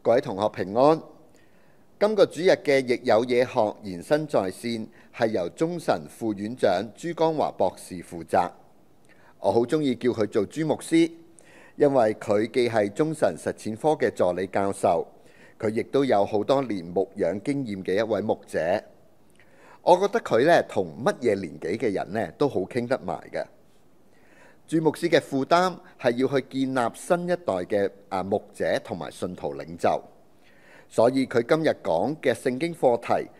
各位同學平安。今個主日嘅疫有嘢學延伸在線，係由中神副院長朱光華博士負責。我好鍾意叫佢做朱牧師，因為佢既係中神實踐科嘅助理教授，佢亦都有好多年牧養經驗嘅一位牧者。我覺得佢呢，同乜嘢年紀嘅人呢，都好傾得埋嘅。朱牧師嘅負擔係要去建立新一代嘅牧者同埋信徒領袖，所以佢今日講嘅聖經課題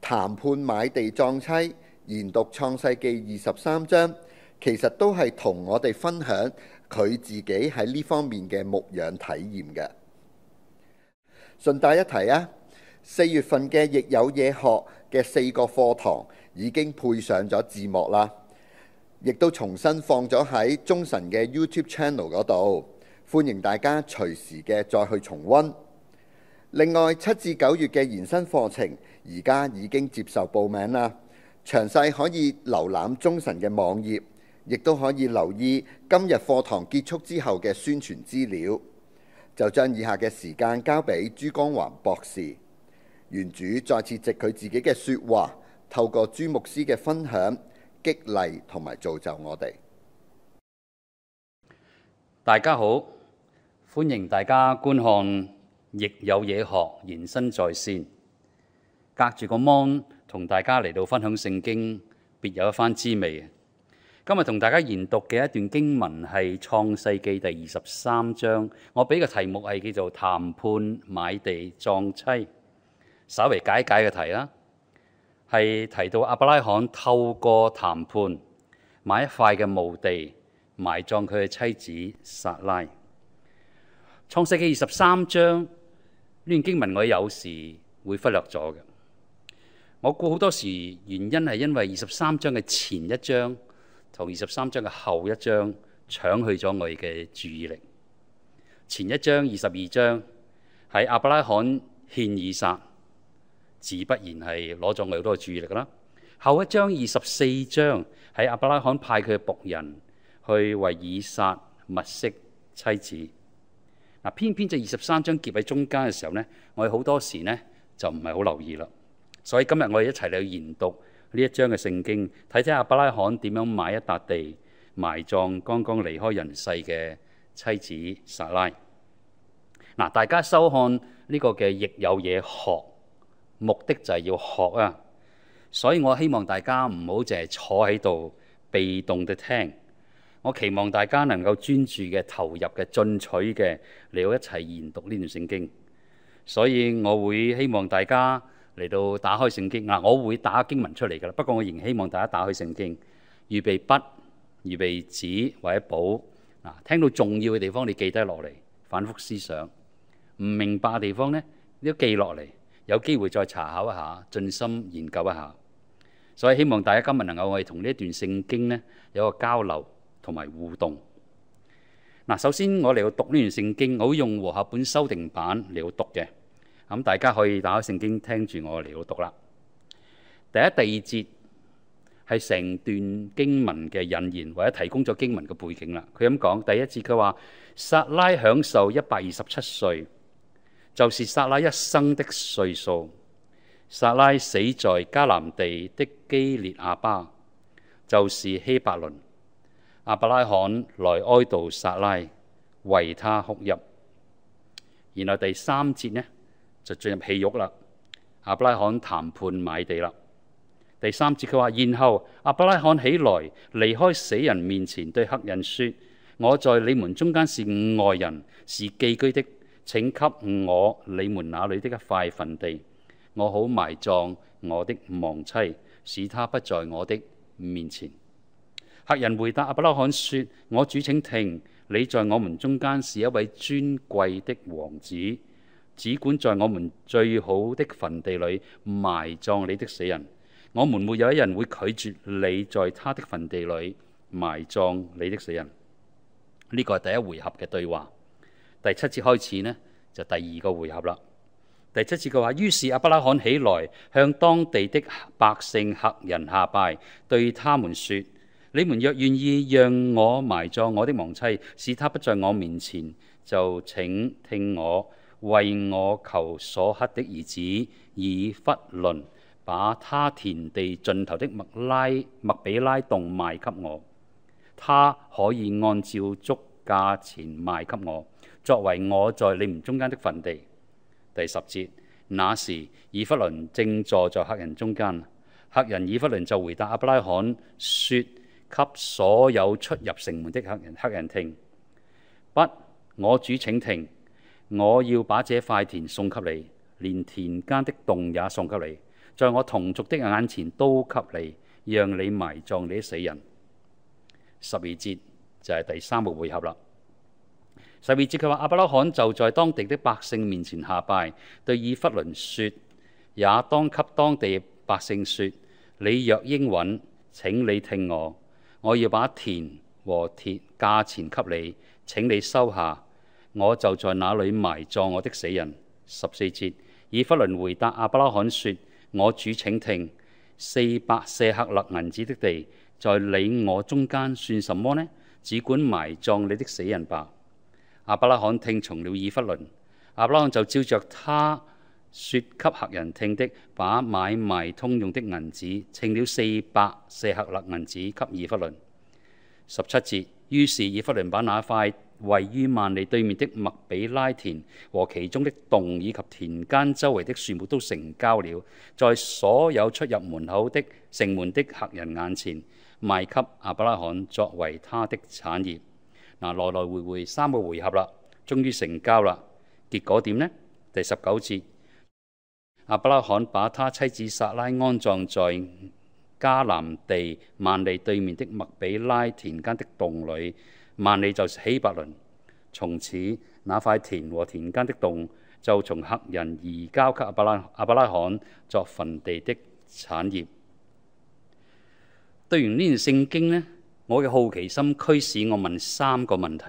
談判買地葬妻，研讀創世記二十三章，其實都係同我哋分享佢自己喺呢方面嘅牧養體驗嘅。順帶一提啊，四月份嘅疫有嘢學嘅四個課堂已經配上咗字幕啦。亦都重新放咗喺中神嘅 YouTube Channel 嗰度，歡迎大家隨時嘅再去重溫。另外，七至九月嘅延伸課程而家已經接受報名啦，詳細可以瀏覽中神嘅網頁，亦都可以留意今日課堂結束之後嘅宣傳資料。就將以下嘅時間交俾朱光華博士，願主再次藉佢自己嘅說話，透過朱牧師嘅分享，激勵同埋造就我哋。大家好，歡迎大家觀看《疫有嘢學》，延伸在線，隔住個芒同大家嚟到分享聖經，別有一番滋味。今日同大家研讀嘅一段經文係《創世記》第二十三章，我俾嘅題目係叫做《談判買地葬妻》，稍微解解嘅題啦。係提到亞伯拉罕透過談判買一塊嘅墓地，埋葬佢嘅妻子撒拉。創世記二十三章呢段經文，我有時會忽略咗嘅。我估好多時原因係因為二十三章嘅前一章同二十三章嘅後一章搶去咗我哋嘅注意力。前一章二十二章係亞伯拉罕獻以撒。自不然係攞咗我好多注意力㗎啦。後一章二十四章喺亞伯拉罕派佢嘅僕人去為以撒物色妻子嗱，偏偏就二十三章結喺中間嘅時候咧，我哋好多時咧就唔係好留意啦。所以今日我哋一齊嚟去研讀呢一章嘅聖經，睇睇亞伯拉罕點樣買一笪地埋葬剛剛離開人世嘅妻子撒拉嗱。大家收看呢、這個嘅疫有嘢學。目的就係要學啊，所以我希望大家唔好淨係坐喺度，被動地聽。我期望大家能夠專注嘅、投入嘅、進取嘅嚟到一齊研讀呢段聖經。所以，我會希望大家嚟到打開聖經啊，我會打經文出嚟噶啦。不過，我仍希望大家打開聖經，預備筆、預備紙或者簿嗱。聽到重要嘅地方，你記低落嚟，反覆思想。唔明白嘅地方呢，你都記落嚟。有機會再查考一下，盡心研究一下。所以希望大家今日能夠我哋同呢一段聖經呢，有一個交流同埋互動。嗱，首先我嚟到讀呢段聖經，我會用和合本修訂版嚟到讀嘅。咁大家可以打開聖經，聽住我嚟到讀啦。第一、第二節係成段經文嘅引言，或者提供咗經文嘅背景啦。佢咁講，第一節佢話撒拉享受一百二十七歲。就是撒拉一生的歲數。撒拉死在迦南地的基列亞巴，就是希伯倫。亞伯拉罕來哀悼撒拉，為他哭泣。然後第三節呢，就進入戲肉啦。亞伯拉罕談判買地啦。第三節佢話，然後亞伯拉罕起來，離開死人面前，對黑人說：我在你們中間是外人，是寄居的。請給我你們那裏的一塊墳地，我好埋葬我的亡妻，使她不在我的面前。客人回答亞伯拉罕說：我主請聽，你在我們中間是一位尊貴的王子，只管在我們最好的墳地裏埋葬你的死人，我們沒有一人會拒絕你在他的墳地裏埋葬你的死人。呢個係第一回合嘅對話，第七節開始呢。就第二個回合啦。第七次嘅話，於是亞伯拉罕起來，向當地的百姓、客人下拜，對他們說：你們若願意讓我埋葬我的亡妻，使她不在我面前，就請聽我為我求所克的兒子以弗倫，把他田地盡頭的麥拉麥比拉洞賣給我，他可以按照足價錢賣給我。作為我在你們中間的墳地，第十節，那時以弗倫正坐在赫人中間，赫人以弗倫就回答亞伯拉罕，說給所有出入城門的赫人赫人聽，不，我主請聽，我要把這塊田送給你，連田間的洞也送給你，在我同族的眼前都給你，讓你埋葬你的死人。十二節就係第三個回合啦。十二節，佢話：亞伯拉罕就在當地的百姓面前下拜，對以弗倫說：也當給當地百姓說，你若應允，請你聽我，我要把田和鐵價錢給你，請你收下。我就在那裏埋葬我的死人。十四節，以弗倫回答亞伯拉罕說：我主請聽，四百舍客勒銀子的地，在你我中間算什麼呢？只管埋葬你的死人吧。亞伯拉罕聽從了以弗倫，亞伯拉罕就照着他說給客人聽的，把買賣通用的銀子稱了四百舍客勒銀子給以弗倫。十七節，於是以弗倫把那塊位於幔利對面的麥比拉田和其中的洞以及田間周圍的樹木都成交了，在所有出入門口的城門的客人眼前賣給亞伯拉罕作為他的產業。嗱，來來回回三個回合啦，終於成交啦。結果點呢？第十九節，亞伯拉罕把他妻子撒拉安葬在迦南地萬利對面的麥比拉田間的洞裏。萬利就是希伯倫。從此那塊田和田間的洞就從黑人移交給亞伯拉亞伯拉罕作墳地的產業。讀完呢段聖經呢。我嘅好奇心驅使我問三個問題。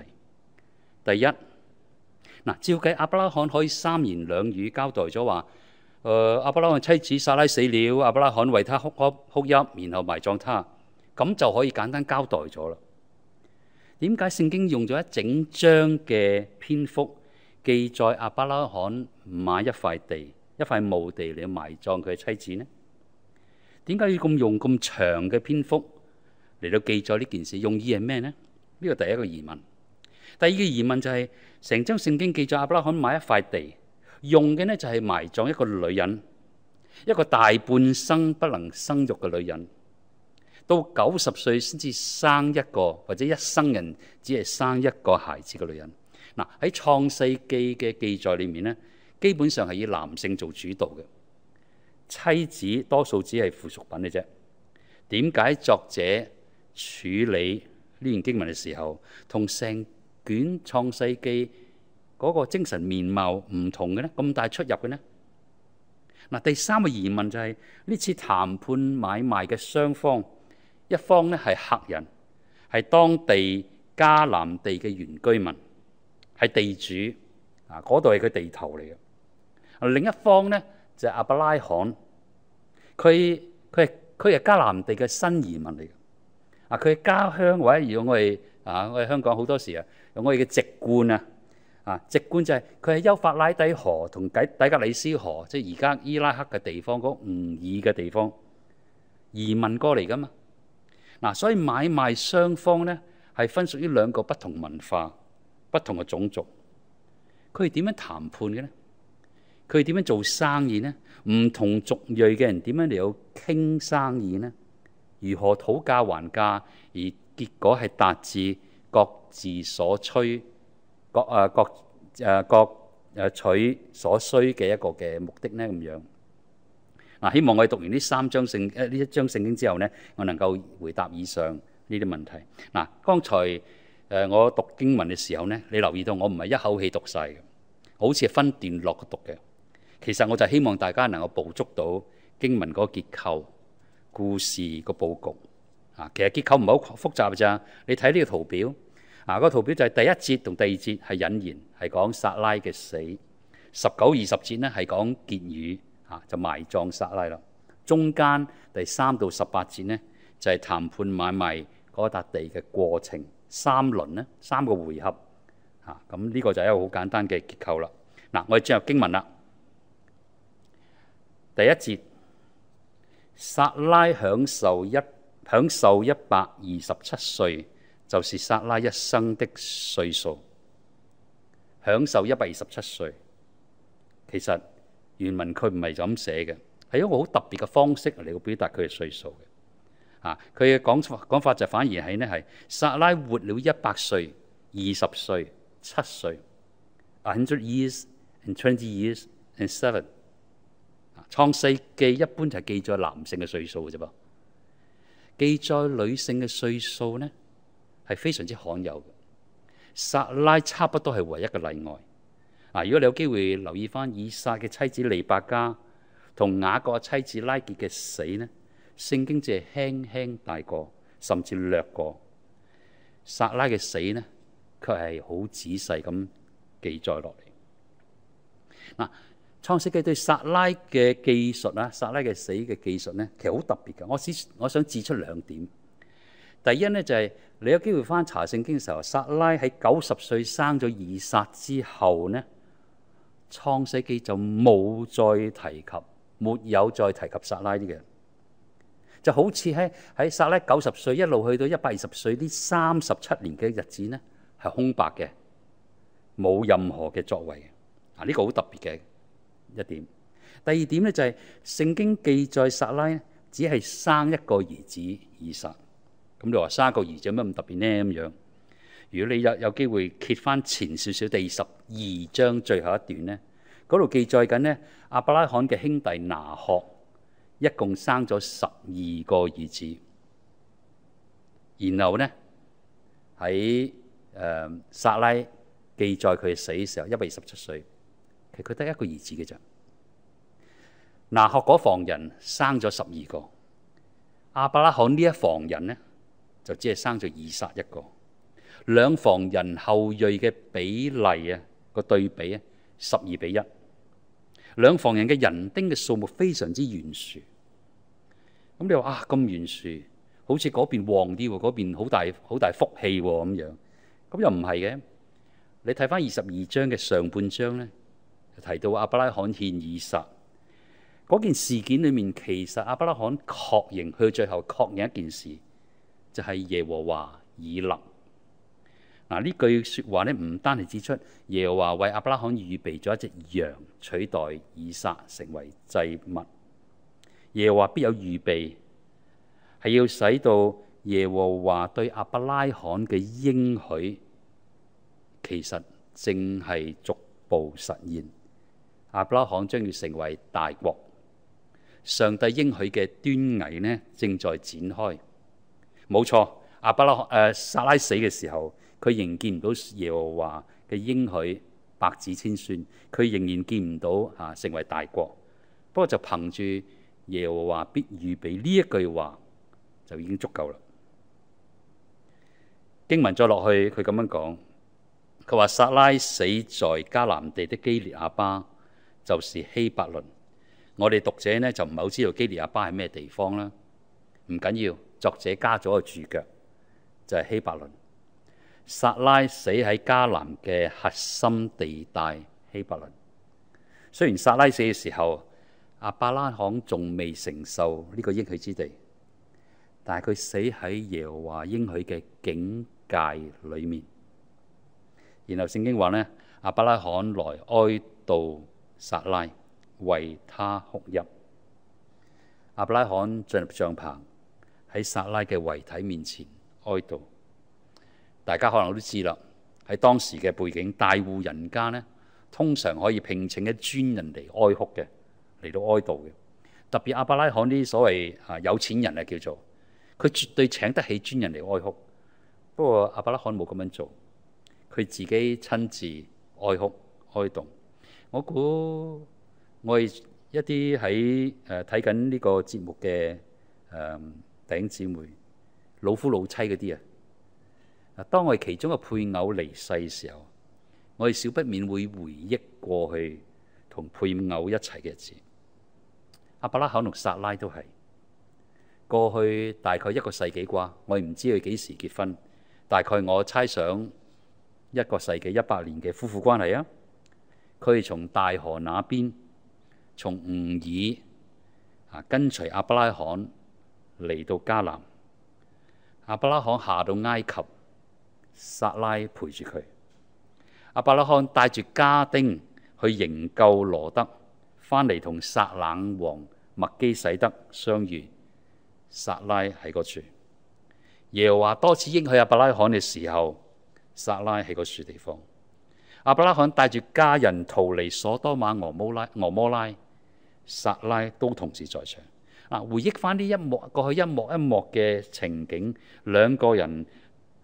第一，嗱，照計亞伯拉罕可以三言兩語交代咗話，誒，亞伯拉罕妻子撒拉死了，亞伯拉罕為她哭哭哭泣，然後埋葬她，咁就可以簡單交代咗啦。點解聖經用咗一整章嘅篇幅記載亞伯拉罕買一塊地、一塊墓地嚟埋葬佢嘅妻子呢？點解要咁用咁長嘅篇幅？嚟到記載呢件事用意係咩呢？呢個第一個疑問。第二個疑問就係成章聖經記載亞伯拉罕買一塊地，用嘅呢就係埋葬一個女人，一個大半生不能生育嘅女人，到九十歲先至生一個，或者一生人只係生一個孩子嘅女人。嗱，喺創世記嘅記載裡面呢，基本上係以男性做主導嘅，妻子多數只係附屬品嘅啫。點解作者處理呢件經文嘅時候，同成卷《創世記》嗰個精神面貌唔同嘅咧，咁大出入嘅呢？嗱，第三個疑問就係、是、呢次談判買賣嘅雙方，一方咧係客人，係當地迦南地嘅原居民，係地主啊，嗰度係佢地頭嚟嘅。另一方咧就係、是、亞伯拉罕，佢佢係佢係迦南地嘅新移民嚟嘅。啊！佢嘅家鄉位，或者我哋啊，我哋香港好多時啊，用我哋嘅籍貫啊，啊籍貫就係佢係幼發拉底河同底底格里斯河，即係而家伊拉克嘅地方嗰吾珥嘅地方移民過嚟噶嘛。嗱、啊，所以買賣雙方咧係分屬於兩個不同文化、不同嘅種族。佢哋點樣談判嘅咧？佢哋點樣做生意咧？唔同族裔嘅人點樣嚟到傾生意咧？如何討價還價，而結果係達至各自所取、各啊各啊各取所需嘅一個嘅目的呢？咁樣嗱，希望我哋讀完呢三章聖呢一章聖經之後呢，我能夠回答以上呢啲問題。嗱，剛才誒我讀經文嘅時候呢，你留意到我唔係一口氣讀晒嘅，好似係分段落嘅讀嘅。其實我就希望大家能夠捕捉到經文嗰個結構。故事個佈局啊，其實結構唔係好複雜咋。你睇呢個圖表啊，嗰個圖表就係第一節同第二節係引言，係講撒拉嘅死。十九二十節呢係講結語啊，就埋葬撒拉啦。中間第三到十八節呢，就係、是、談判買賣嗰笪地嘅過程，三輪呢，三個回合啊。咁呢個就係一個好簡單嘅結構啦。嗱，我哋進入經文啦，第一節。撒拉享受一享受一百二十七歲，就是撒拉一生的歲數。享受一百二十七歲，其實原文佢唔係就咁寫嘅，係一個好特別嘅方式嚟到表達佢嘅歲數嘅。啊，佢嘅講講法就反而係呢：「係撒拉活了一百歲、二十歲、七歲，a hundred years and twenty years and seven。創世記一般就係記載男性嘅歲數嘅啫噃，記載女性嘅歲數呢，係非常之罕有，撒拉差不多係唯一嘅例外。嗱，如果你有機會留意翻以撒嘅妻子利百加同雅各嘅妻子拉結嘅死呢，聖經只係輕輕帶過，甚至略過。撒拉嘅死呢，卻係好仔細咁記載落嚟。嗱。創世記對撒拉嘅技術啦，撒拉嘅死嘅技術咧，其實好特別嘅。我想我想指出兩點。第一咧就係你有機會翻查聖經嘅時候，撒拉喺九十歲生咗以撒之後咧，創世記就冇再提及，沒有再提及撒拉啲嘅，就好似喺喺撒拉九十歲一路去到一百二十歲呢三十七年嘅日子咧係空白嘅，冇任何嘅作為啊，呢、這個好特別嘅。一點，第二點咧就係聖經記載撒拉只係生一個兒子以撒。咁你話生一個兒子有咩咁特別咧咁樣？如果你有有機會揭翻前少少第十二章最後一段咧，嗰度記載緊咧亞伯拉罕嘅兄弟拿鶴，一共生咗十二個兒子。然後咧喺誒撒拉記載佢死嘅時候，一百二十七歲。係佢得一個兒子嘅啫。拿鶴嗰房人生咗十二個，亞伯拉罕呢一房人咧就只係生咗以撒一個。兩房人後裔嘅比例啊，個對比咧十二比一。兩房人嘅人丁嘅數目非常之懸殊。咁你話啊咁懸殊，好似嗰邊旺啲，嗰邊好大好大福氣咁樣。咁又唔係嘅，你睇翻二十二章嘅上半章咧。提到亞伯拉罕獻以撒嗰件事件裏面，其實亞伯拉罕確認，佢最後確認一件事，就係、是、耶和華以勒。嗱，呢句説話呢，唔單係指出耶和華為亞伯拉罕預備咗一隻羊取代以撒成為祭物，耶和華必有預備，係要使到耶和華對亞伯拉罕嘅應許，其實正係逐步實現。亞伯拉罕將要成為大國，上帝應許嘅端倪咧，正在展開。冇錯，亞伯拉罕誒、呃、撒拉死嘅時候，佢仍見唔到耶和華嘅應許百子千孫，佢仍然見唔到嚇、啊、成為大國。不過就憑住耶和華必預備呢一句話，就已經足夠啦。經文再落去，佢咁樣講，佢話撒拉死在迦南地的基列亞巴。就是希伯倫。我哋讀者咧就唔係好知道基利亞巴係咩地方啦。唔緊要，作者加咗個註腳就係、是、希伯倫。撒拉死喺迦南嘅核心地帶希伯倫。雖然撒拉死嘅時候，亞伯拉罕仲未承受呢個應許之地，但係佢死喺耶和華應許嘅境界裏面。然後聖經話呢，亞伯拉罕來哀悼。撒拉為他哭泣。亞伯拉罕進入帳篷，喺撒拉嘅遺體面前哀悼。大家可能都知啦，喺當時嘅背景，大戶人家呢，通常可以聘請一專人嚟哀哭嘅，嚟到哀悼嘅。特別亞伯拉罕啲所謂啊有錢人啊叫做，佢絕對請得起專人嚟哀哭。不過亞伯拉罕冇咁樣做，佢自己親自哀哭哀悼。哀悼我估我哋一啲喺誒睇緊呢個節目嘅誒、嗯、頂姊妹老夫老妻嗰啲啊，當我哋其中嘅配偶離世嘅時候，我哋少不免會回憶過去同配偶一齊嘅日子。阿伯拉罕同薩拉都係過去大概一個世紀啩，我哋唔知佢幾時結婚，大概我猜想一個世紀一百年嘅夫婦關係啊。佢哋從大河那邊，從吾珥啊，跟隨亞伯拉罕嚟到迦南。亞伯拉罕下到埃及，撒拉陪住佢。亞伯拉罕帶住家丁去營救羅得，翻嚟同撒冷王麥基洗德相遇。撒拉喺個處。耶和華多次應許亞伯拉罕嘅時候，撒拉喺個處地方。亞伯拉罕帶住家人逃離所多瑪、俄摩拉、俄摩拉、撒拉都同時在場。啊，回憶返呢一幕過去一幕一幕嘅情景，兩個人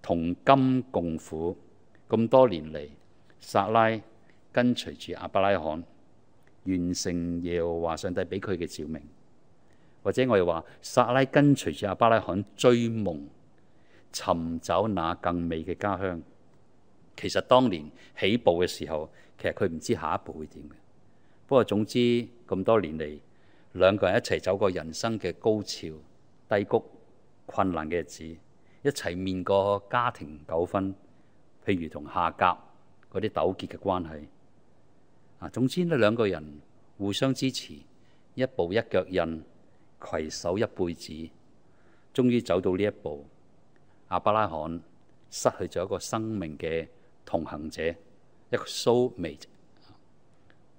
同甘共苦咁多年嚟，撒拉跟隨住亞伯拉罕完成耶和華上帝俾佢嘅召命，或者我哋話撒拉跟隨住亞伯拉罕追夢，尋找那更美嘅家鄉。其實當年起步嘅時候，其實佢唔知下一步會點嘅。不過總之咁多年嚟，兩個人一齊走過人生嘅高潮、低谷、困難嘅日子，一齊面過家庭糾紛，譬如同下夾嗰啲糾結嘅關係。啊，總之呢兩個人互相支持，一步一腳印，攜手一輩子，終於走到呢一步。亞伯拉罕失去咗一個生命嘅同行者，一個 soulmate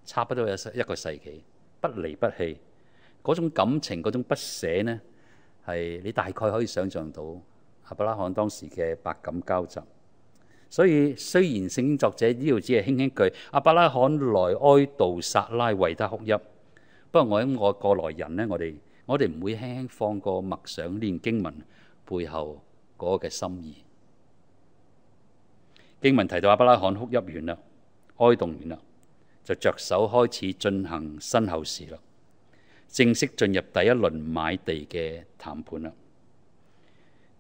差不多一一個世紀，不離不棄，嗰種感情，嗰種不捨咧，係你大概可以想象到阿伯拉罕當時嘅百感交集。所以雖然聖經作者呢度只係輕輕句，阿伯拉罕來哀悼撒拉為他哭泣，不過我諗我過來人咧，我哋我哋唔會輕輕放過默想念經文背後嗰個嘅心意。經文提到亞伯拉罕哭泣完啦，哀慟完啦，就着手開始進行身後事啦，正式進入第一輪買地嘅談判啦。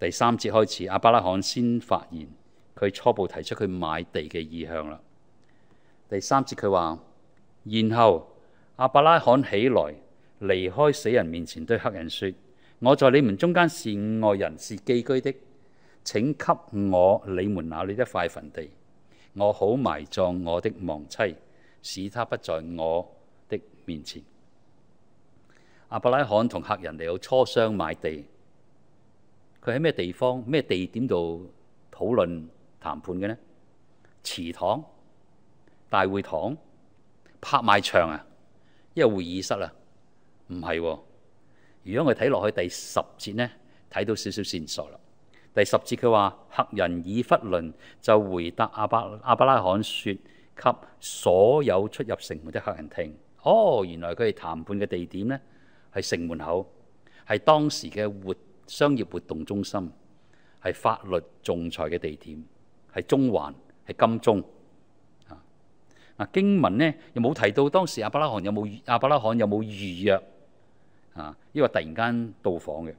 第三節開始，亞伯拉罕先發現佢初步提出佢買地嘅意向啦。第三節佢話：然後亞伯拉罕起來，離開死人面前，對赫人説：我在你們中間是外人，是寄居的。請給我你們那裏的一塊墳地，我好埋葬我的亡妻，使他不在我的面前。亞伯拉罕同客人嚟到磋商買地，佢喺咩地方、咩地點度討論談判嘅呢？祠堂、大會堂、拍賣場啊，一個會議室啊，唔係啊。如果我睇落去第十節呢，睇到少少線索啦。第十節，佢話，赫人以弗崙就回答亞伯、亞伯拉罕說，説給所有出入城門的赫人聽。哦，原來佢哋談判嘅地點呢，係城門口，係當時嘅活商業活動中心，係法律仲裁嘅地點，係中環，係金鐘。啊，經文呢，又冇提到當時亞伯拉罕有冇、亞伯拉罕有冇預約啊，因為我突然間到訪嘅。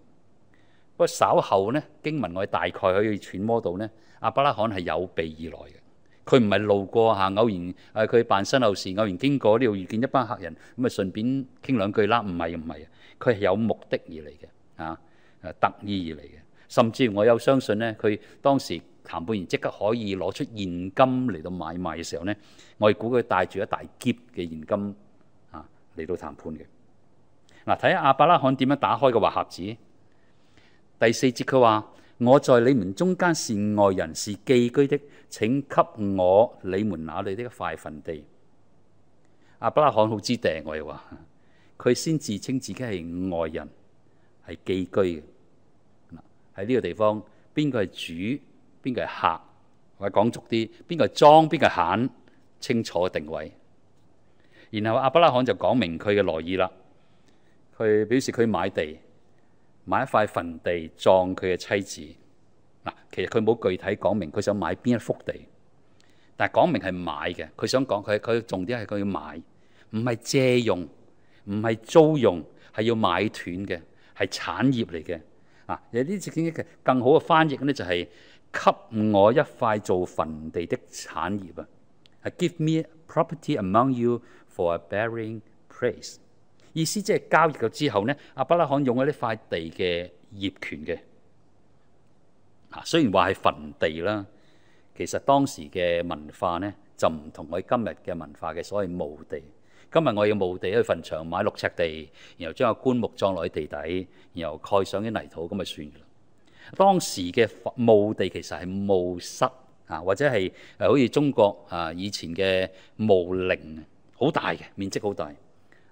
不過稍後咧，經文我大概可以揣摩到咧，阿伯拉罕係有備而來嘅，佢唔係路過嚇、啊，偶然誒佢、啊、辦身後事，偶然經過呢度遇見一班客人，咁啊順便傾兩句啦，唔係唔係，佢係有目的而嚟嘅，啊誒特意而嚟嘅，甚至我有相信咧，佢當時談判完即刻可以攞出現金嚟到買賣嘅時候咧，我估佢帶住一大攏嘅現金啊嚟到談判嘅。嗱、啊，睇下阿伯拉罕點樣打開個話匣子。第四節佢話：我在你們中間是外人，是寄居的。請給我你們那裏的一塊墳地。亞伯拉罕好知定，我又話佢先自稱自己係外人，係寄居嘅。喺呢個地方，邊個係主，邊個係客，或者講俗啲，邊個係莊，邊個係閒，清楚定位。然後亞伯拉罕就講明佢嘅來意啦，佢表示佢買地。買一塊墳地葬佢嘅妻子嗱，其實佢冇具體講明佢想買邊一幅地，但係講明係買嘅。佢想講佢佢重點係佢要買，唔係借用，唔係租用，係要買斷嘅，係產業嚟嘅啊！有呢字經益嘅更好嘅翻譯咧，就是，就係給我一塊做墳地的產業啊，係 give me property among you for a burying place。意思即係交易咗之後呢，亞伯拉罕用咗呢塊地嘅業權嘅。嚇，雖然話係墳地啦，其實當時嘅文化呢，就唔同我哋今日嘅文化嘅所謂墓地。今日我要墓地去墳場買六尺地，然後將個棺木葬落喺地底，然後蓋上啲泥土咁咪算㗎啦。當時嘅墓地其實係墓室啊，或者係誒好似中國啊以前嘅墓陵，好大嘅面積，好大，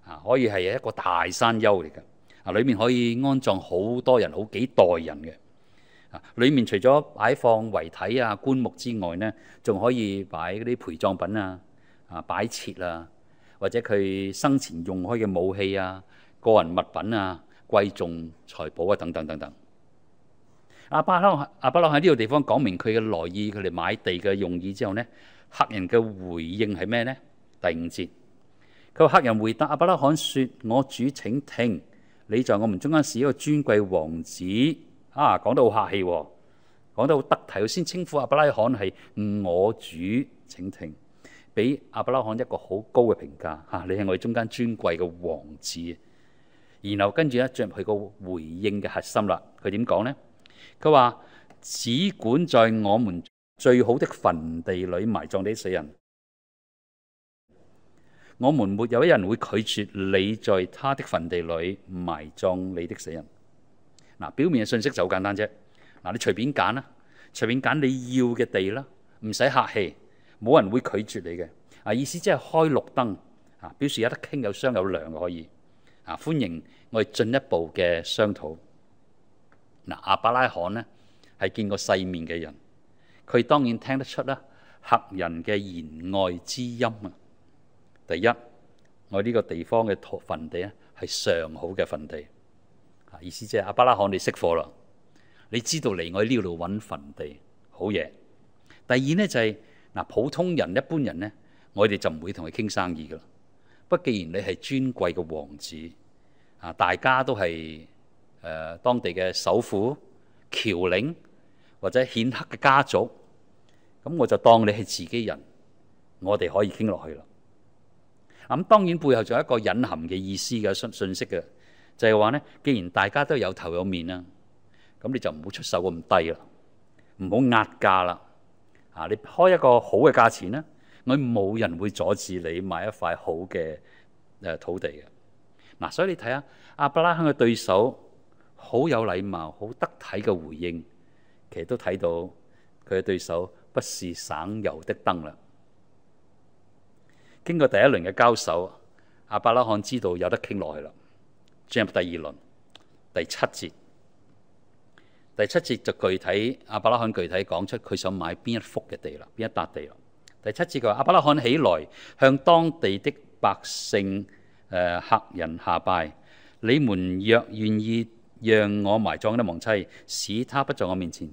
啊，可以係一個大山丘嚟嘅，啊，裏面可以安葬好多人，好幾代人嘅。啊，裏面除咗擺放遺體啊、棺木之外咧，仲可以擺啲陪葬品啊、啊擺設啊，或者佢生前用開嘅武器啊、個人物品啊、貴重財寶啊等等等等。阿巴老阿巴老喺呢個地方講明佢嘅來意，佢哋買地嘅用意之後咧，赫人嘅回應係咩咧？第五節。佢赫人回答亞伯拉罕說，說我主請聽，你在我們中間是一個尊貴王子。啊，講得好客氣，講得好得體。先稱呼亞伯拉罕係我主請聽，畀亞伯拉罕一個好高嘅評價。嚇、啊，你係我哋中間尊貴嘅王子。然後跟住咧進入佢個回應嘅核心啦。佢點講咧？佢話只管在我們最好的墳地裏埋葬啲死人，我們沒有一人會拒絕你在他的墳地裏埋葬你的死人。嗱，表面嘅信息就好簡單啫。嗱，你隨便揀啦，隨便揀你要嘅地啦，唔使客氣，冇人會拒絕你嘅。啊，意思即係開綠燈啊，表示有得傾，有商有量嘅可以啊，歡迎我哋進一步嘅商討。嗱，亞伯拉罕咧係見過世面嘅人，佢當然聽得出啦，客人嘅言外之音啊。第一，我呢個地方嘅土墳地咧係上好嘅墳地，啊，意思即係亞伯拉罕，你識貨啦，你知道嚟我呢度揾墳地好嘢。第二咧就係、是、嗱，普通人一般人咧，我哋就唔會同佢傾生意㗎。不過，既然你係尊貴嘅王子啊，大家都係誒、呃、當地嘅首富、僑領或者顯赫嘅家族，咁我就當你係自己人，我哋可以傾落去啦。咁當然背後仲有一個隱含嘅意思嘅信信息嘅，就係話咧，既然大家都有頭有面啦，咁你就唔好出手咁低啦，唔好壓價啦，啊，你開一個好嘅價錢呢，咪冇人會阻止你買一塊好嘅誒土地嘅。嗱，所以你睇下亞伯拉罕嘅對手，好有禮貌、好得體嘅回應，其實都睇到佢嘅對手不是省油的燈啦。經過第一輪嘅交手，阿伯拉罕知道有得傾落去啦。進入第二輪第七節，第七節就具體阿伯拉罕具體講出佢想買邊一幅嘅地啦，邊一笪地啦。第七節佢話：阿、啊、伯拉罕起來向當地的百姓誒、呃、客人下拜，你們若願意讓我埋葬我的亡妻，使他不在我面前。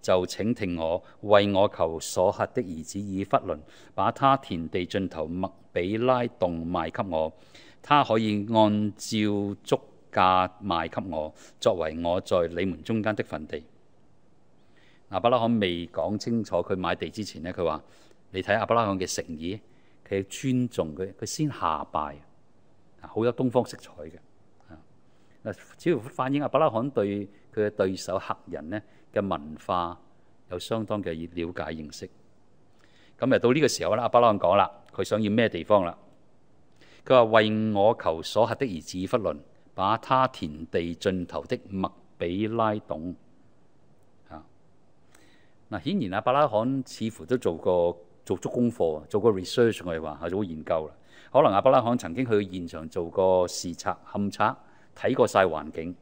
就請聽我為我求瑣轄的兒子以弗倫，把他田地盡頭麥比拉洞賣給我，他可以按照足價賣給我，作為我在你們中間的墳地。亞伯拉罕未講清楚佢買地之前呢，佢話：你睇亞伯拉罕嘅誠意，佢尊重佢，佢先下拜，好有東方色彩嘅。主要反映亞伯拉罕對佢嘅對手客人呢，嘅文化有相當嘅了解認識，咁又到呢個時候啦，阿伯拉罕講啦，佢想要咩地方啦？佢話為我求瑣轄的兒子以弗崙，把他田地盡頭的麥比拉洞嗱，顯、啊、然阿伯拉罕似乎都做過做足功課，做過 research 我哋話係做, arch, 做研究啦。可能阿伯拉罕曾經去現場做過視察勘測，睇過晒環境。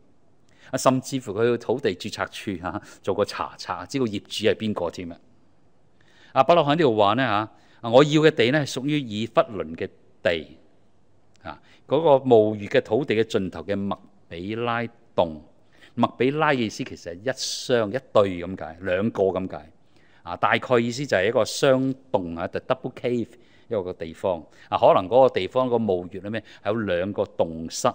啊，甚至乎佢去土地註冊處嚇做個查查，知道業主係邊個添啊！阿畢洛克喺呢度話咧嚇，我要嘅地咧係屬於以弗倫嘅地啊，嗰、那個墓穴嘅土地嘅盡頭嘅麥比拉洞。麥比拉嘅意思其實係一雙一對咁解，兩個咁解啊。大概意思就係一個雙洞啊，就 double cave 一個一個地方啊。可能嗰個地方個墓穴咧咩，有兩個洞室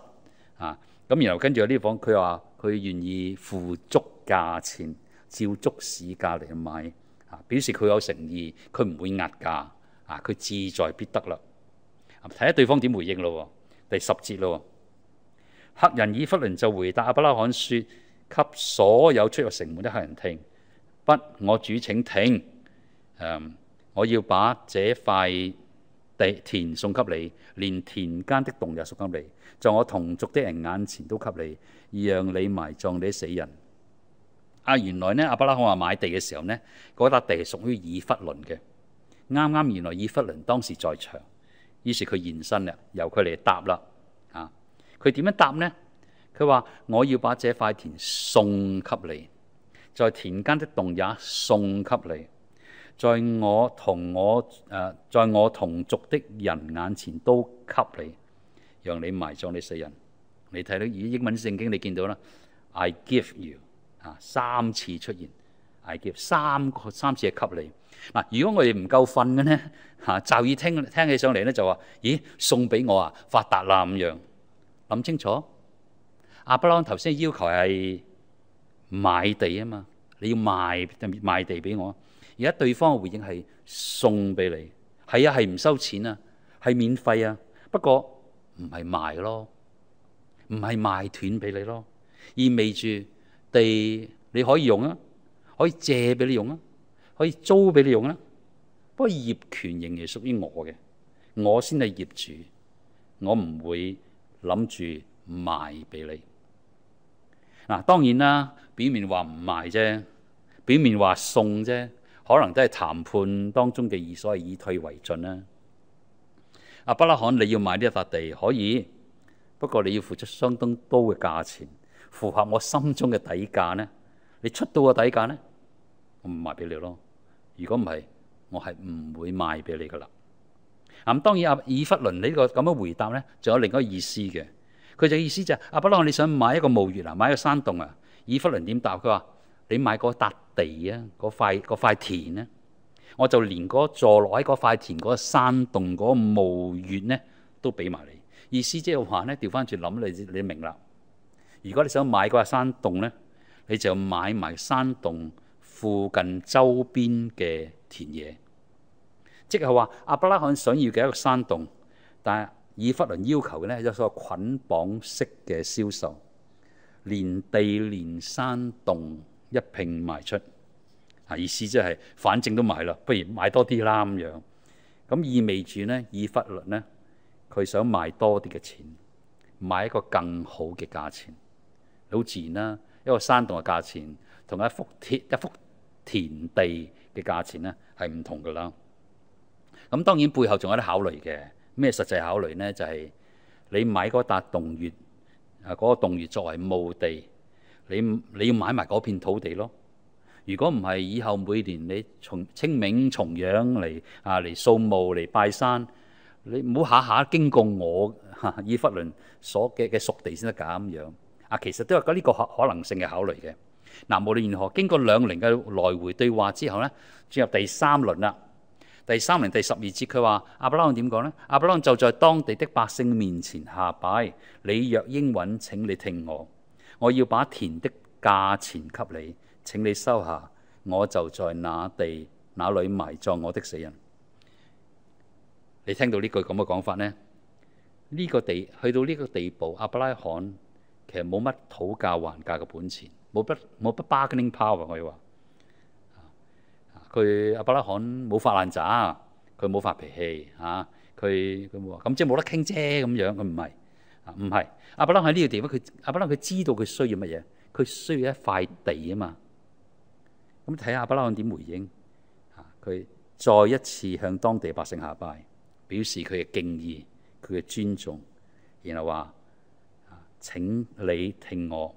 啊。咁然後跟住喺呢度講，佢話。佢願意付足價錢，照足市價嚟買啊！表示佢有誠意，佢唔會壓價啊！佢志在必得啦。睇、啊、下對方點回應咯。第十節咯，赫人以弗崙就回答亞伯拉罕說：給所有出入城門的赫人聽，不，我主請聽，um, 我要把這塊地田送給你，連田間的洞也送給你，在我同族的人眼前都給你。讓你埋葬你死人。啊，原來呢，亞伯拉罕話買地嘅時候呢，嗰笪地係屬於以弗倫嘅。啱啱原來以弗倫當時在場，於是佢現身啦，由佢嚟答啦。啊，佢點樣答呢？佢話：我要把這塊田送給你，在田間的洞也送給你，在我同我誒、啊，在我同族的人眼前都給你，讓你埋葬你死人。你睇到以英文聖經你，你見到啦，I give you 啊三次出現，I give 三個三次係給你嗱、啊。如果我哋唔夠瞓嘅咧嚇，就、啊、耳、啊、聽聽起上嚟咧就話：咦，送俾我啊，發達啦咁樣。諗清楚，阿布朗頭先要求係買地啊嘛，你要賣賣地俾我。而家對方嘅回應係送俾你，係啊，係唔收錢啊，係免費啊，不過唔係賣咯。唔係賣斷俾你咯，意味住地，你可以用啊，可以借俾你用啊，可以租俾你用啊。不過業權仍然屬於我嘅，我先係業主，我唔會諗住賣俾你。嗱，當然啦，表面話唔賣啫，表面話送啫，可能都係談判當中嘅以所謂以退為進啦。亞伯拉罕，你要買呢一塊地可以？不過你要付出相當多嘅價錢，符合我心中嘅底價咧，你出到個底價咧，我唔賣俾你咯。如果唔係，我係唔會賣俾你噶啦。咁當然阿以弗倫呢個咁樣回答咧，仲有另一個意思嘅。佢就意思就係、是：阿不拉，你想買一個墓穴啊，買一個山洞啊？以弗倫點答？佢話：你買嗰笪地啊，嗰塊田咧、啊，我就連嗰座落喺嗰塊田嗰個山洞嗰個墓穴咧，都俾埋你。意思即係話咧，調翻轉諗，你你明啦。如果你想買嗰個山洞咧，你就買埋山洞附近周邊嘅田野，即係話亞伯拉罕想要嘅一個山洞，但係以弗倫要求嘅咧係有所謂捆綁式嘅銷售，連地連山洞一併賣出。啊，意思即係反正都買啦，不如買多啲啦咁樣。咁意味住咧，以弗倫咧。佢想賣多啲嘅錢，買一個更好嘅價錢，好自然啦。一個山洞嘅價錢，同一幅田，一幅田地嘅價錢咧，係唔同㗎喇。咁當然背後仲有啲考慮嘅，咩實際考慮咧？就係、是、你買嗰笪洞穴啊，嗰、那個洞穴作為墓地，你你要買埋嗰片土地咯。如果唔係，以後每年你從清明重養、重陽嚟啊嚟掃墓、嚟拜山。你唔好下下經過我哈以弗倫所嘅嘅屬地先得㗎，咁樣啊，其實都係有呢個可可能性嘅考慮嘅。嗱，無論如何，經過兩輪嘅來回對話之後咧，進入第三輪啦。第三輪第十二節，佢話亞伯拉罕點講咧？亞伯拉罕就在當地的百姓面前下拜，你若應允，請你聽我，我要把田的價錢給你，請你收下，我就在那地那裏埋葬我的死人。你聽到呢句咁嘅講法咧？呢個地去到呢個地步，亞伯拉罕其實冇乜討價還價嘅本錢，冇不冇不 bargaining power。我要話佢亞伯拉罕冇發爛渣，佢冇發脾氣嚇，佢佢冇咁即係冇得傾啫咁樣。佢唔係啊，唔係亞伯拉罕喺呢個地方，佢亞伯拉罕佢知道佢需要乜嘢，佢需要一塊地啊嘛。咁睇下亞伯拉罕點回應嚇？佢、啊、再一次向當地百姓下拜。表示佢嘅敬意，佢嘅尊重，然後話：“請你聽我，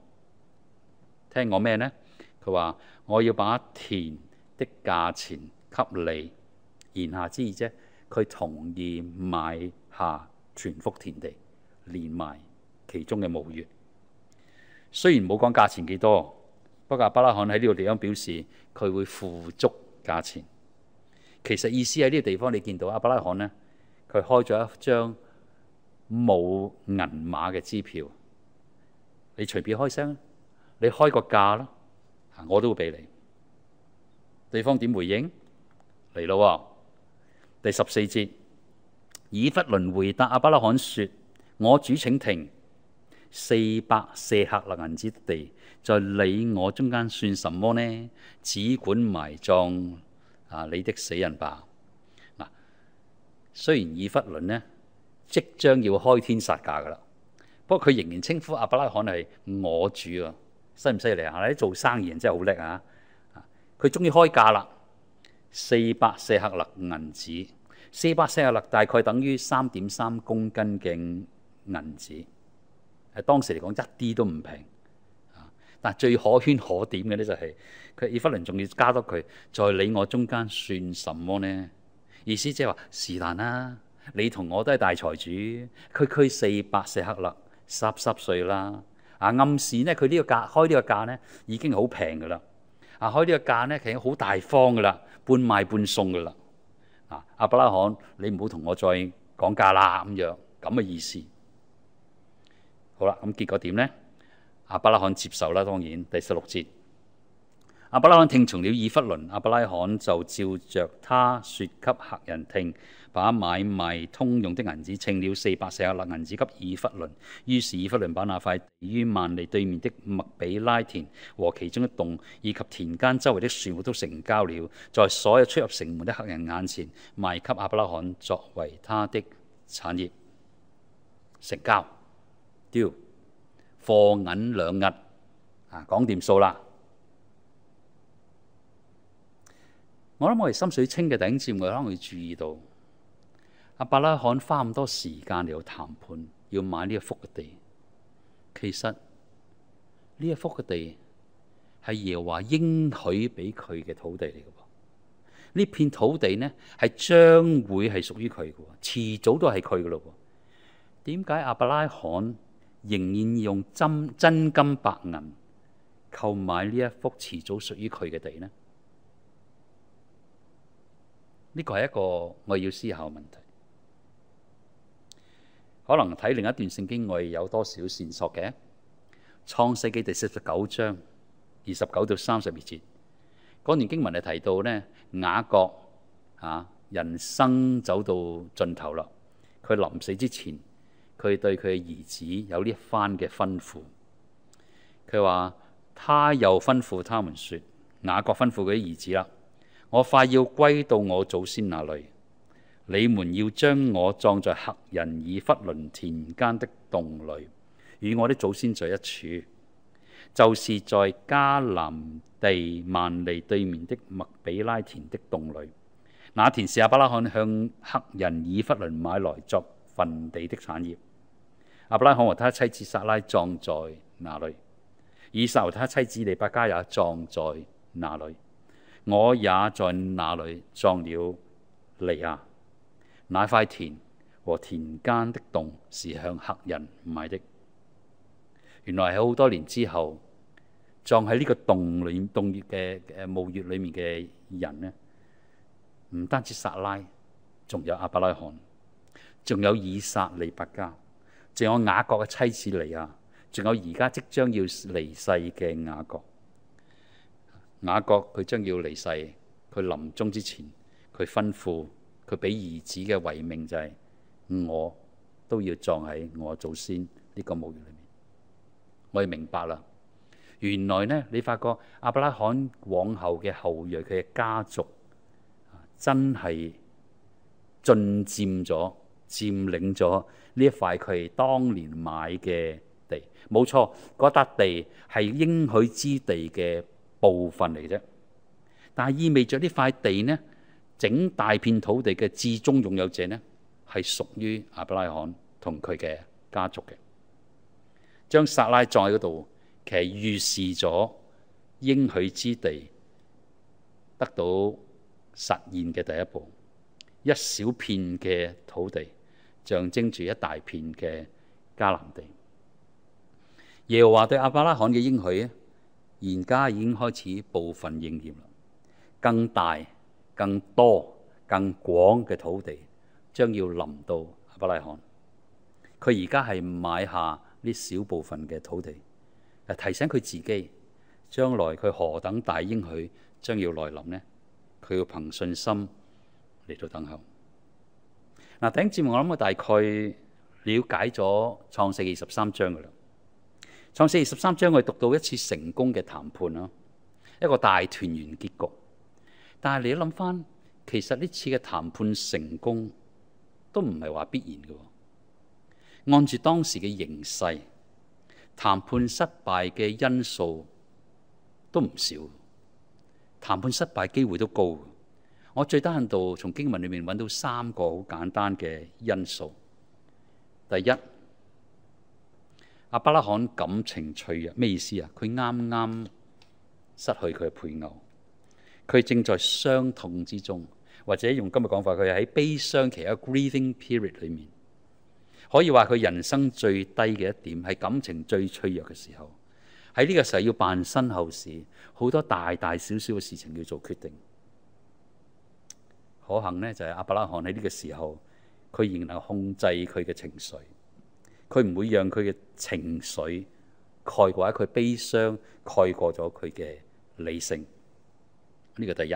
聽我咩呢？”佢話：“我要把田的價錢給你。”言下之意啫，佢同意買下全幅田地，連埋其中嘅墓穴。雖然冇講價錢幾多，不過亞伯拉罕喺呢個地方表示佢會付足價錢。其實意思喺呢個地方，你見到亞伯拉罕呢。佢開咗一張冇銀碼嘅支票，你隨便開聲，你開個價啦，我都會畀你。對方點回應？嚟咯、啊，第十四節，以弗倫回答亞伯拉罕說：我主請停，四百舍客勒銀子地，在你我中間算什麼呢？只管埋葬啊你的死人吧。雖然以弗倫咧即將要開天殺價噶啦，不過佢仍然稱呼阿伯拉罕係我主啊，犀唔犀利啊？你啲做生意人真係好叻啊！佢終於開價啦，四百舍客勒銀子，四百舍客勒大概等於三點三公斤嘅銀子，係當時嚟講一啲都唔平啊！但最可圈可點嘅咧就係、是、佢以弗倫仲要加多佢，在你我中間算什麼呢？意思即係話是但啦，你同我都係大財主，區區四百舍客勒，濕濕碎啦啊！暗示咧，佢呢個價開呢個價咧已經好平㗎啦啊！開呢個價咧其實好大方㗎啦，半賣半送㗎啦啊！阿伯拉罕，你唔好同我再講價啦咁樣，咁嘅意思。好啦，咁結果點咧？阿伯拉罕接受啦，當然。第十六節。亞伯拉罕聽從了以弗倫，亞伯拉罕就照着他説給客人聽，把買賣通用的銀子稱了四百四阿勒銀子給以弗倫。於是以弗倫把那塊於萬利對面的麥比拉田和其中一棟以及田間周圍的樹木都成交了，在所有出入城門的客人眼前賣給亞伯拉罕作為他的產業。成交，丟貨銀兩銀啊，講掂數啦。我諗我哋心水清嘅頂尖，我可能會注意到阿伯拉罕花咁多時間嚟到談判，要買呢一幅嘅地。其實呢一幅嘅地係耶和華應許俾佢嘅土地嚟嘅。呢片土地呢，係將會係屬於佢嘅，遲早都係佢嘅咯。點解阿伯拉罕仍然用真真金白銀購買呢一幅遲早屬於佢嘅地呢？呢個係一個我要思考嘅問題。可能睇另一段聖經，我有多少線索嘅？創世記第四十九章二十九到三十二節，嗰段經文係提到呢：「雅各啊，人生走到盡頭啦。佢臨死之前，佢對佢嘅兒子有呢一番嘅吩咐。佢話：他又吩咐他們說，雅各吩咐佢啲兒子啦。我快要歸到我祖先那裏，你們要將我葬在赫人以弗崙田間的洞裏，與我的祖先在一處，就是在迦南地幔利對面的麥比拉田的洞裏。那田是亞伯拉罕向赫人以弗崙買來作墳地的產業。亞伯拉罕和他妻子撒拉葬在那裏；以撒和他妻子利百加也葬在那裏。我也在那裏葬了尼亞，那塊田和田間的洞是向赫人買的。原來喺好多年之後，葬喺呢個洞裏洞穴嘅墓穴裏面嘅人呢，唔單止撒拉，仲有亞伯拉罕，仲有以撒利伯家、利百嘉，仲有雅各嘅妻子尼亞，仲有而家即將要離世嘅雅各。雅各佢將要離世，佢臨終之前，佢吩咐佢俾兒子嘅遺命就係：我都要葬喺我祖先呢個墓園裏面。我哋明白啦，原來咧，你發覺阿伯拉罕往後嘅後裔，佢嘅家族啊，真係進佔咗、占領咗呢一塊佢當年買嘅地。冇錯，嗰笪地係應許之地嘅。部分嚟啫，但係意味着呢塊地呢，整大片土地嘅至終擁有者呢，係屬於亞伯拉罕同佢嘅家族嘅。將撒拉葬喺嗰度，其實預示咗應許之地得到實現嘅第一步，一小片嘅土地象徵住一大片嘅迦南地。耶和華對亞伯拉罕嘅應許。而家已經開始部分應驗啦，更大、更多、更廣嘅土地將要臨到阿伯拉罕。佢而家係買下呢小部分嘅土地，提醒佢自己，將來佢何等大應許將要來臨呢？佢要憑信心嚟到等候。嗱、啊，頂節目我諗我大概了解咗創世二十三章嘅啦。創廿三章，我哋讀到一次成功嘅談判咯，一個大團圓結局。但係你諗翻，其實呢次嘅談判成功都唔係話必然嘅。按住當時嘅形勢，談判失敗嘅因素都唔少，談判失敗機會都高。我最低限度，從經文裏面揾到三個好簡單嘅因素。第一。阿伯拉罕感情脆弱，咩意思啊？佢啱啱失去佢嘅配偶，佢正在傷痛之中，或者用今日講法，佢喺悲傷期嘅 grieving period 裏面，可以話，佢人生最低嘅一點，係感情最脆弱嘅時候。喺呢個時候要辦身後事，好多大大小小嘅事情要做決定。可幸呢，就係、是、阿伯拉罕喺呢個時候，佢仍然控制佢嘅情緒。佢唔會讓佢嘅情緒蓋過喺佢悲傷，蓋過咗佢嘅理性。呢個第一。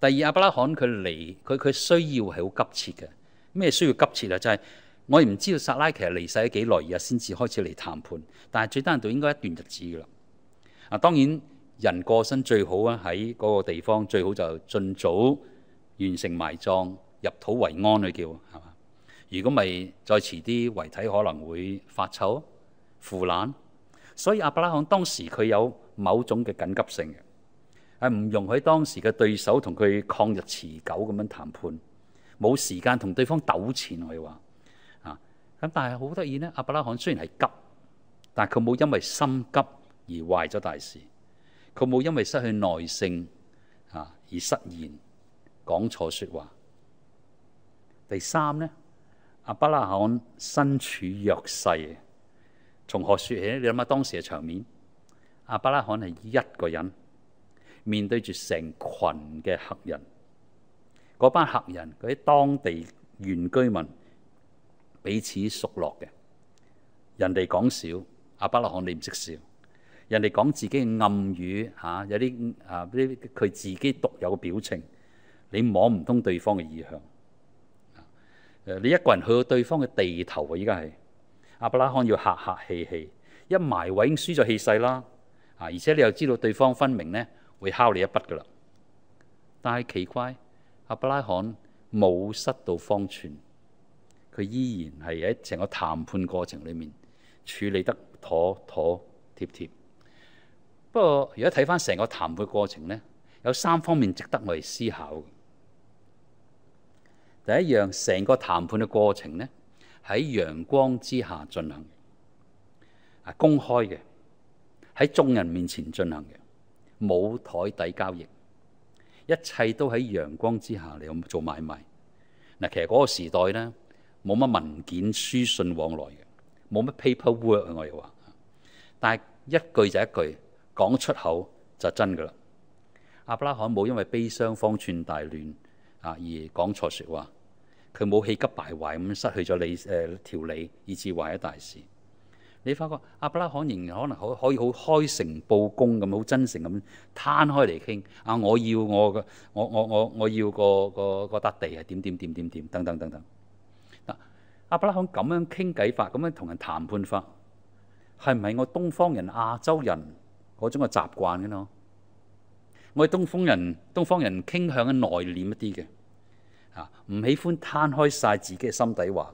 第二，亞伯拉罕佢離佢佢需要係好急切嘅。咩需要急切啊？就係、是、我唔知道撒拉其實離世咗幾耐而家先至開始嚟談判，但係最低限度應該一段日子噶啦。嗱，當然人過身最好啊，喺嗰個地方最好就盡早完成埋葬、入土為安去叫，係如果咪再遲啲，遺體可能會發臭腐爛，所以亞伯拉罕當時佢有某種嘅緊急性嘅，係唔容許當時嘅對手同佢抗日持久咁樣談判，冇時間同對方糾纏佢話啊。咁但係好得意咧，亞伯拉罕雖然係急，但係佢冇因為心急而壞咗大事，佢冇因為失去耐性啊而失言講錯説話。第三咧。亞伯拉罕身處弱勢，從何説起？你諗下當時嘅場面，亞伯拉罕係一個人面對住成群嘅客人，嗰班客人佢係當地原居民彼此熟絡嘅，人哋講笑，亞伯拉罕你唔識笑，人哋講自己嘅暗語嚇、啊，有啲啊啲佢自己獨有嘅表情，你摸唔通對方嘅意向。誒，你一個人去到對方嘅地頭喎、啊，依家係亞伯拉罕要客客氣氣，一埋位已經輸咗氣勢啦，啊，而且你又知道對方分明咧會敲你一筆噶啦。但係奇怪，亞伯拉罕冇失到方寸，佢依然係喺成個談判過程裡面處理得妥妥貼貼。不過，如果睇翻成個談判過程咧，有三方面值得我哋思考。第一樣，成個談判嘅過程咧，喺陽光之下進行嘅，啊，公開嘅，喺眾人面前進行嘅，冇台底交易，一切都喺陽光之下你嚟做買賣。嗱，其實嗰個時代咧，冇乜文件書信往來嘅，冇乜 paperwork 我哋話，但係一句就一句，講出口就真噶啦。亞伯拉罕冇因為悲傷、方寸大亂啊而講錯説話。佢冇氣急敗壞咁失去咗理誒、呃、條理，以致壞咗大事。你發覺阿伯拉罕仍然可能可可以好開誠佈公咁好真誠咁攤開嚟傾。啊，我要我嘅我我我我要個個個笪地啊點點點點點等等等等嗱、呃。阿伯拉罕咁樣傾偈法，咁樣同人談判法，係唔係我東方人亞洲人嗰種嘅習慣嘅呢？我係東方人，東方人傾向嘅內斂一啲嘅。唔喜歡攤開晒自己嘅心底話。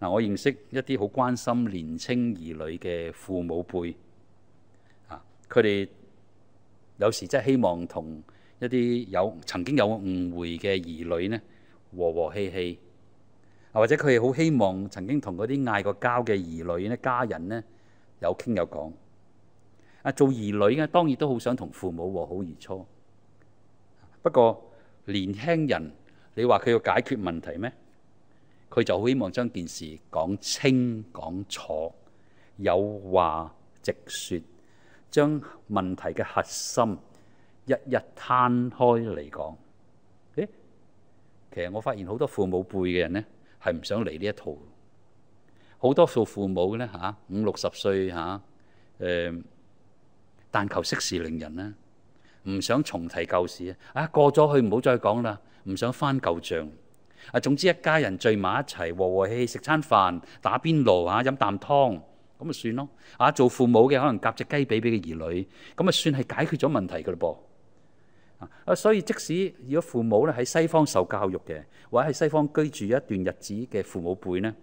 嗱，我認識一啲好關心年青兒女嘅父母輩，啊，佢哋有時真係希望同一啲有曾經有誤會嘅兒女呢，和和氣氣，啊，或者佢哋好希望曾經同嗰啲嗌過交嘅兒女呢，家人呢有傾有講。啊，做兒女嘅當然都好想同父母和好如初，不過。年輕人，你話佢要解決問題咩？佢就好希望將件事講清講楚，有話直説，將問題嘅核心一一攤開嚟講。誒，其實我發現好多父母輩嘅人咧，係唔想嚟呢一套。好多數父母咧嚇，五六十歲嚇，誒、呃，但求息事令人咧。唔想重提舊事啊！啊，過咗去唔好再講啦，唔想翻舊帳啊。總之一家人聚埋一齊，和和氣氣食餐飯，打邊爐啊，飲啖湯，咁咪算咯啊！做父母嘅可能夾隻雞髀俾個兒女，咁咪算係解決咗問題㗎咯噃啊！所以即使如果父母咧喺西方受教育嘅，或者喺西方居住一段日子嘅父母輩呢，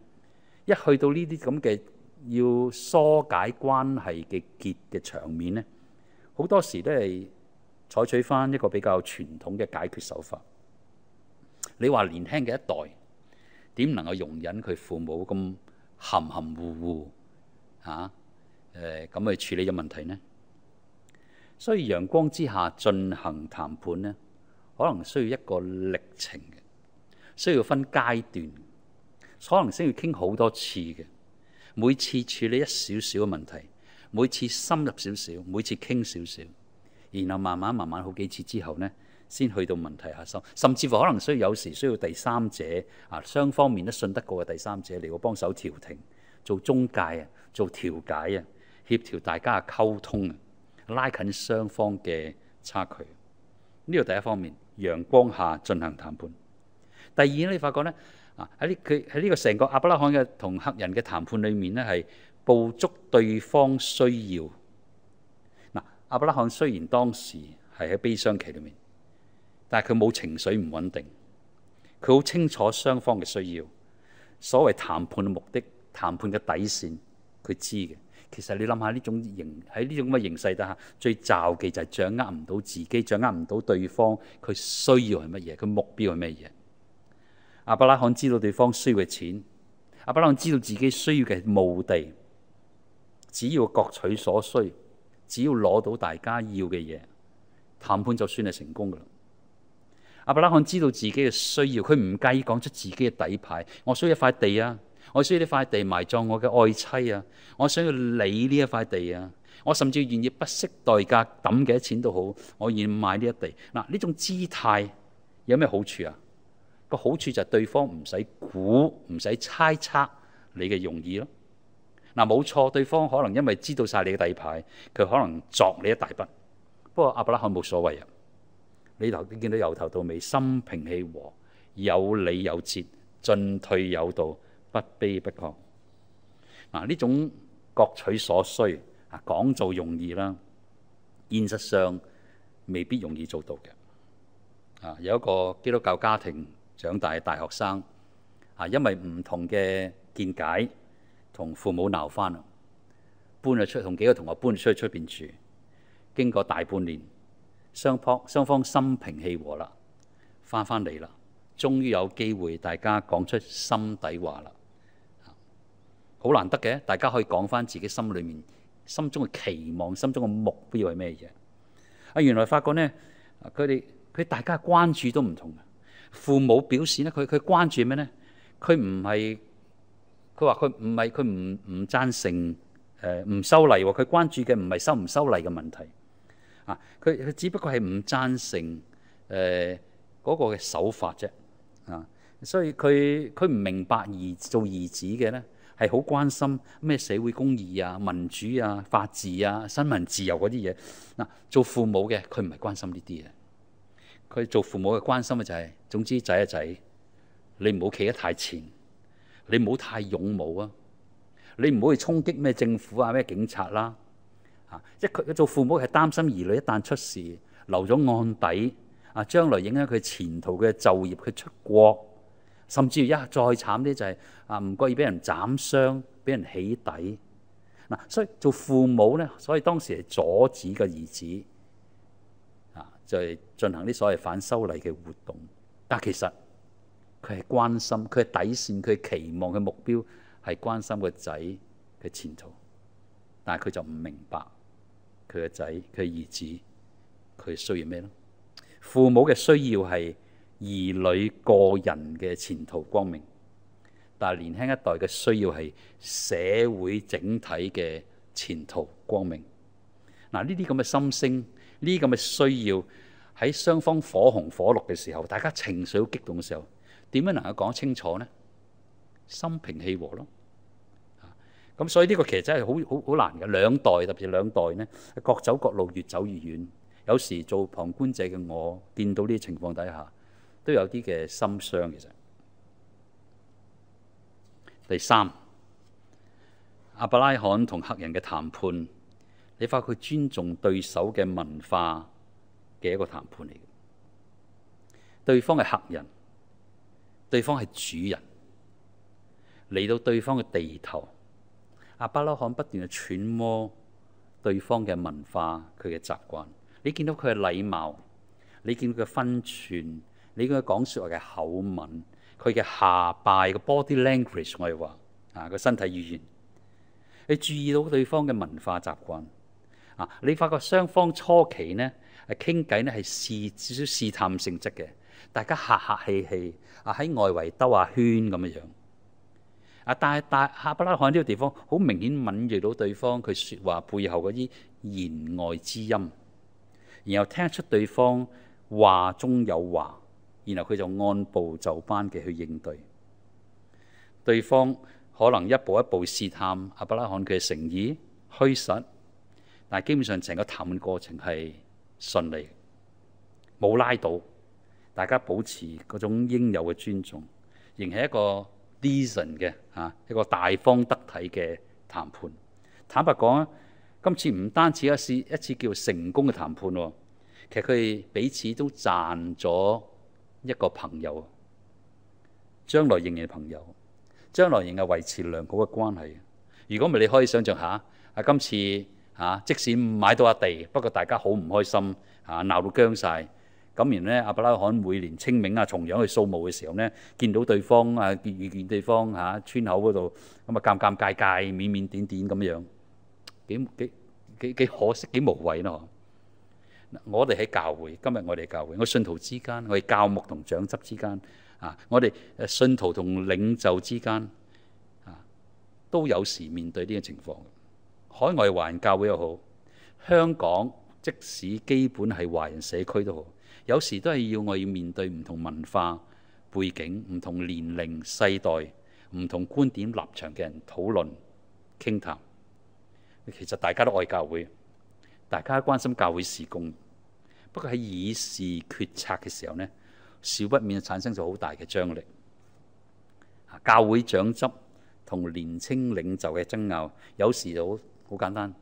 一去到呢啲咁嘅要疏解關係嘅結嘅場面呢，好多時都係。採取翻一個比較傳統嘅解決手法。你話年輕嘅一代點能夠容忍佢父母咁含含糊糊啊？誒、呃，咁去處理咗問題呢？所以陽光之下進行談判呢，可能需要一個歷程嘅，需要分階段，可能需要傾好多次嘅，每次處理一少少嘅問題，每次深入少少，每次傾少少。然後慢慢慢慢好幾次之後咧，先去到問題核心，甚至乎可能需要有時需要第三者啊，雙方面都信得過嘅第三者嚟個幫手調停、做中介啊、做調解啊、協調大家嘅溝通啊，拉近雙方嘅差距。呢個第一方面，陽光下進行談判。第二咧，你發覺咧啊喺呢佢喺呢個成個亞伯拉罕嘅同赫人嘅談判裏面呢，係捕捉對方需要。亞伯拉罕雖然當時係喺悲傷期裏面，但係佢冇情緒唔穩定，佢好清楚雙方嘅需要。所謂談判嘅目的、談判嘅底線，佢知嘅。其實你諗下呢種形喺呢種咁嘅形勢底下，最詐忌就係掌握唔到自己、掌握唔到對方佢需要係乜嘢、佢目標係乜嘢。亞伯拉罕知道對方需要嘅錢，亞伯拉罕知道自己需要嘅墓地，只要各取所需。只要攞到大家要嘅嘢，談判就算係成功㗎喇。亞伯拉罕知道自己嘅需要，佢唔介意講出自己嘅底牌。我需要一塊地啊，我需要呢塊地埋葬我嘅愛妻啊，我想要你呢一塊地啊，我甚至願意不惜代價抌幾多錢都好，我願意買呢一地。嗱，呢種姿態有咩好處啊？個好處就係對方唔使估，唔使猜測你嘅用意咯。嗱，冇錯，對方可能因為知道晒你嘅底牌，佢可能作你一大筆。不過阿伯拉罕冇所謂啊！你頭先見到由頭到尾心平氣和，有理有節，進退有度，不卑不亢。嗱，呢種各取所需啊，講做容易啦，現實上未必容易做到嘅。啊，有一個基督教家庭長大嘅大學生，啊，因為唔同嘅見解。同父母鬧翻啦，搬咗出，同幾個同學搬咗出去出邊住。經過大半年，雙方雙方心平氣和啦，返返嚟啦，終於有機會大家講出心底話啦。好難得嘅，大家可以講返自己心裏面、心中嘅期望、心中嘅目標係咩嘢。啊，原來發覺咧，佢哋佢大家關注都唔同。父母表示咧，佢佢關注咩咧？佢唔係。佢話：佢唔係佢唔唔贊成誒唔、呃、修例喎。佢關注嘅唔係修唔修例嘅問題啊！佢佢只不過係唔贊成誒嗰、呃那個嘅手法啫啊！所以佢佢唔明白兒做兒子嘅咧係好關心咩社會公義啊、民主啊、法治啊、新聞自由嗰啲嘢嗱。做父母嘅佢唔係關心呢啲嘢。佢做父母嘅關心嘅就係、是、總之仔一、啊、仔，你唔好企得太前。你唔好太勇武啊！你唔好去衝擊咩政府啊、咩警察啦，啊！即佢做父母係擔心兒女一旦出事留咗案底啊，將來影響佢前途嘅就業、佢出國，甚至於一再慘啲就係啊，唔覺意俾人斬傷、俾人起底嗱。所以做父母咧，所以當時係阻止個兒子啊，就係、是、進行啲所謂反修例嘅活動，但其實。佢係關心，佢嘅底線，佢期望嘅目標係關心個仔嘅前途，但係佢就唔明白佢個仔佢兒子佢需要咩咯？父母嘅需要係兒女個人嘅前途光明，但係年輕一代嘅需要係社會整體嘅前途光明。嗱，呢啲咁嘅心聲，呢啲咁嘅需要喺雙方火紅火綠嘅時候，大家情緒好激動嘅時候。點樣能夠講清楚呢？心平氣和咯，咁所以呢個其實真係好好好難嘅。兩代特別兩代呢，各走各路，越走越遠。有時做旁觀者嘅我，見到呢啲情況底下，都有啲嘅心傷。其實第三，亞伯拉罕同赫人嘅談判，你發覺佢尊重對手嘅文化嘅一個談判嚟嘅，對方係赫人。對方係主人，嚟到對方嘅地頭，亞伯拉罕不斷去揣摩對方嘅文化、佢嘅習慣。你見到佢嘅禮貌，你見到佢嘅分寸，你見佢講説話嘅口吻，佢嘅下拜嘅 body language 我哋話啊個身體語言，你注意到對方嘅文化習慣啊，你發覺雙方初期咧係傾偈咧係試少少試探性質嘅。大家客客氣氣，啊喺外圍兜下圈咁樣樣，但係但亞伯拉罕呢個地方好明顯敏銳到對方佢説話背後嗰啲言外之音，然後聽得出對方話中有話，然後佢就按部就班嘅去應對對方，可能一步一步試探亞伯拉罕佢嘅誠意、虛實，但係基本上成個談判過程係順利，冇拉到。大家保持嗰種應有嘅尊重，仍係一個 decent 嘅嚇，一個大方得體嘅談判。坦白講啊，今次唔單止一次一次叫成功嘅談判喎，其實佢哋彼此都賺咗一個朋友，將來仍然係朋友，將來仍然維持良好嘅關係。如果唔係，你可以想像下，啊今次嚇，即使買到阿地，不過大家好唔開心嚇，鬧到僵晒。咁然咧，亞伯拉罕每年清明啊、重陽去掃墓嘅時候咧，見到對方啊，遇見對方嚇，村口嗰度咁啊，尷尷尬尬、面面點點咁樣，幾幾幾幾可惜、幾無謂咯嗬！我哋喺教會，今日我哋教會，我信徒之間，我教牧同長執之間啊，我哋誒信徒同領袖之間啊，都有時面對呢個情況。海外華人教會又好，香港即使基本係華人社區都好。有時都係要我要面對唔同文化背景、唔同年齡世代、唔同觀點立場嘅人討論傾談。其實大家都愛教會，大家關心教會事工。不過喺議事決策嘅時候呢，少不免產生咗好大嘅張力。教會長執同年青領袖嘅爭拗，有時就好簡單，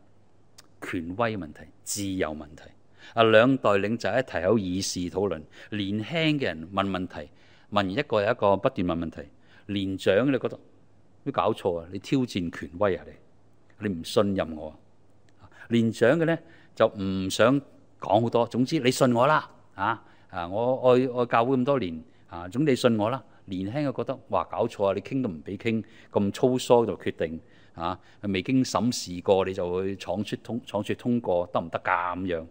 權威問題、自由問題。啊！兩代領袖喺提口議事討論，年輕嘅人問問題，問完一個又一個，不斷問問題。年長嘅覺得都搞錯啊！你挑戰權威啊！你你唔信任我啊！年長嘅咧，就唔想講好多。總之你信我啦啊啊！我我我教會咁多年啊，總你信我啦。年輕嘅覺得話搞錯啊！你傾都唔俾傾，咁粗疏就決定啊？未經審視過你就會闖出通闖出通過得唔得㗎？咁樣。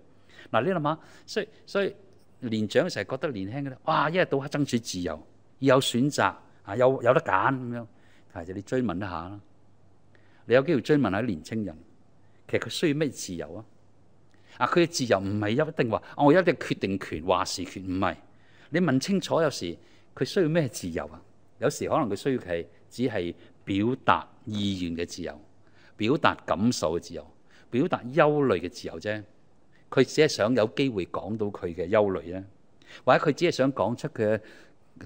嗱，你諗下，所以所以年長成日覺得年輕嘅啲，哇！一日到黑爭取自由，要有選擇，嚇、啊、有有得揀咁樣，或、啊、者、就是、你追問一下啦。你有機會追問下年青人，其實佢需要咩自由啊？啊，佢嘅自由唔係一一定話我、哦、一定決定權、話事權，唔係。你問清楚，有時佢需要咩自由啊？有時可能佢需要係只係表達意願嘅自由、表達感受嘅自由、表達憂慮嘅自由啫。佢只係想有機會講到佢嘅憂慮咧，或者佢只係想講出佢嘅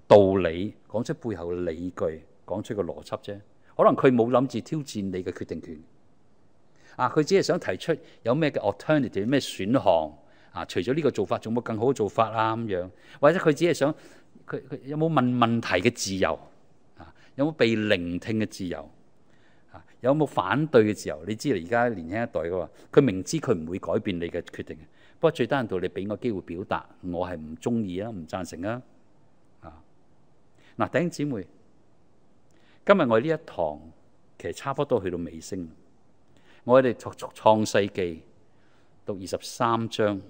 道理，講出背後嘅理據，講出個邏輯啫。可能佢冇諗住挑戰你嘅決定權。啊，佢只係想提出有咩嘅 alternative，咩選項啊？除咗呢個做法，仲有冇更好嘅做法啊？咁樣，或者佢只係想佢佢有冇問問題嘅自由啊？有冇被聆聽嘅自由？有冇反對嘅時候？你知啦，而家年輕一代嘅話，佢明知佢唔會改變你嘅決定。不過最低限度你俾我機會表達，我係唔中意啊，唔贊成啊。啊！嗱，弟兄姊妹，今日我呢一堂其實差不多去到尾聲。我哋讀《創世記》讀二十三章，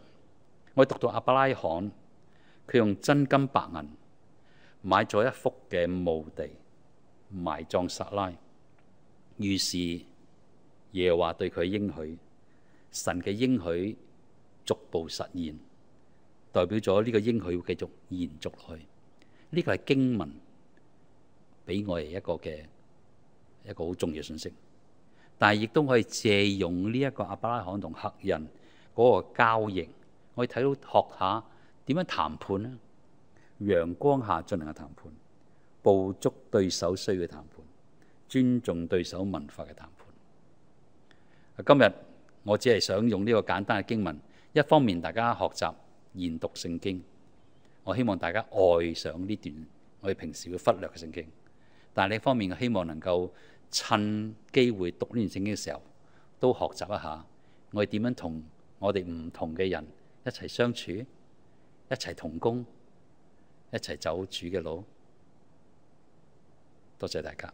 我讀到亞伯拉罕，佢用真金白銀買咗一幅嘅墓地，埋葬撒拉。於是耶華對佢應許，神嘅應許逐步實現，代表咗呢個應許會繼續延續落去。呢、這個係經文俾我哋一個嘅一個好重要信息，但係亦都可以借用呢一個亞伯拉罕同赫人嗰個交易，可以睇到學下點樣談判啦，陽光下進行嘅談判，捕捉對手衰嘅談判。尊重對手文化嘅談判。今日我只係想用呢個簡單嘅經文，一方面大家學習研讀聖經，我希望大家愛上呢段我哋平時會忽略嘅聖經。但係另一方面，我希望能夠趁機會讀呢段聖經嘅時候，都學習一下我哋點樣同我哋唔同嘅人一齊相處，一齊同工，一齊走主嘅路。多謝大家。